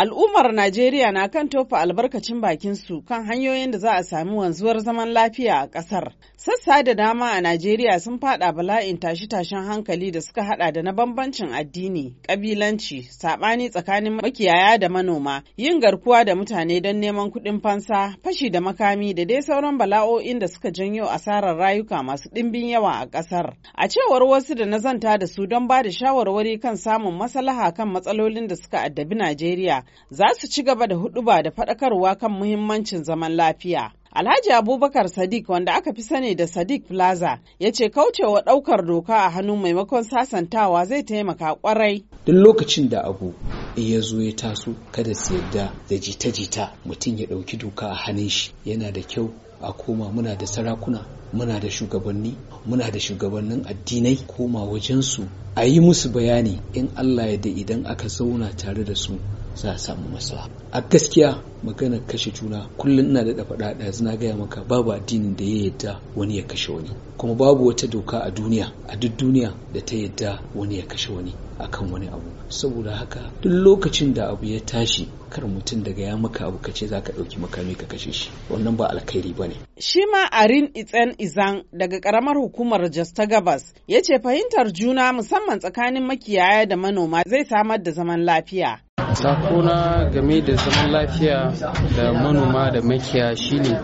Al'ummar Najeriya na kan tofa albarkacin bakin su kan hanyoyin da za a sami wanzuwar zaman lafiya a ƙasar. Sassa da dama a Najeriya sun fada bala'in tashi-tashen hankali da suka hada da na bambancin addini, ƙabilanci, saɓani tsakanin makiyaya da manoma, yin garkuwa da mutane don neman kuɗin fansa, fashi da makami da dai sauran bala'o'in da suka janyo asarar rayuka masu ɗimbin yawa a ƙasar. A cewar wasu da na zanta da su don ba da shawarwari kan samun maslaha kan matsalolin da suka addabi Najeriya. za su ci gaba da huduba da faɗakarwa kan muhimmancin zaman lafiya. Alhaji Abubakar Sadiq wanda aka fi sani da Sadiq Plaza ya ce kaucewa ɗaukar doka a hannu maimakon sasantawa zai taimaka kwarai. Duk lokacin da abu ya zo ya taso kada su yadda da jita-jita mutum ya ɗauki doka a hannun shi yana da kyau a koma muna da sarakuna muna da shugabanni muna da shugabannin addinai koma wajensu a yi musu bayani in Allah ya da idan aka zauna tare da su za a samu maslaha a gaskiya maganar kashe juna kullum ina daɗa faɗa ɗaya zina gaya maka babu addinin da ya yadda wani ya kashe wani kuma babu wata doka a duniya a duk duniya da ta yadda wani ya kashe wani akan wani abu saboda haka duk lokacin da abu ya tashi kar mutum daga ya maka abu kace za ka ɗauki makami ka kashe shi wannan ba alkhairi ba ne. shi ma arin itsen izan daga karamar hukumar jos ta gabas ya ce fahimtar juna musamman tsakanin makiyaya da manoma zai samar da zaman lafiya sakona game da zaman lafiya da manoma da makiya shine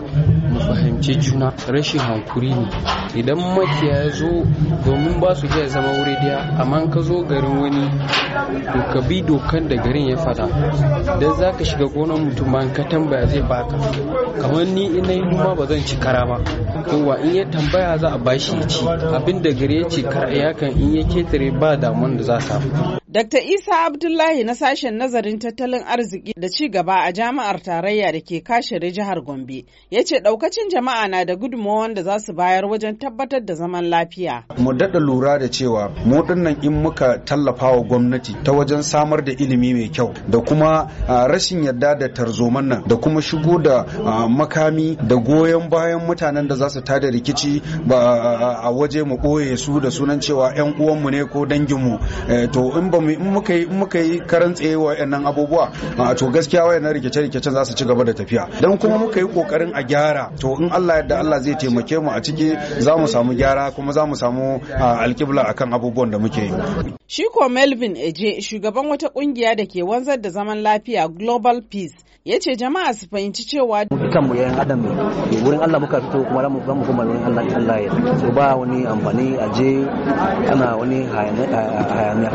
mu fahimci juna rashin hankuri ne idan makiya ya zo domin ba su iya zama wuri daya amma ka zo garin wani to ka bi dokan da garin ya fada don za ka shiga gonar mutum ba ka tambaya zai baka kamar ni ina yi noma ba zan ci kara ba kowa in ya tambaya za a bashi ya ci abin da gari ya ce ya kan in ya ketare ba damuwan da za samu Dr. Isa Abdullahi na sashen nazarin tattalin arziki da ci gaba a jami'ar tarayya da ke kashere jihar Gombe ya ce daukacin jama'a na da gudunmawar da za su bayar wajen tabbatar da zaman lafiya. Mu daɗa lura da cewa mu ɗinnan in muka tallafa wa gwamnati ta wajen samar da ilimi mai kyau da kuma rashin yarda da tarzoman nan da kuma shigo da makami da goyon bayan mutanen da za su tada rikici ba a waje mu ɓoye su da sunan cewa 'yan uwanmu ne ko danginmu eh, to in mu in muka yi in muka yi karan tsaye wayannan abubuwa to gaskiya wa wayannan rikice rikicen za su ci gaba da tafiya dan kuma muka yi kokarin a gyara to in Allah yadda Allah zai taimake mu a ciki za mu samu gyara kuma za mu samu alkibla akan abubuwan da muke yi shi ko Melvin Eje shugaban wata kungiya da ke wanzar da zaman lafiya Global Peace ya ce jama'a su fahimci cewa kanmu yayin adam ne wurin Allah muka fito kuma za mu kuma wurin Allah Allah ya ba wani amfani a je ana wani hayaniya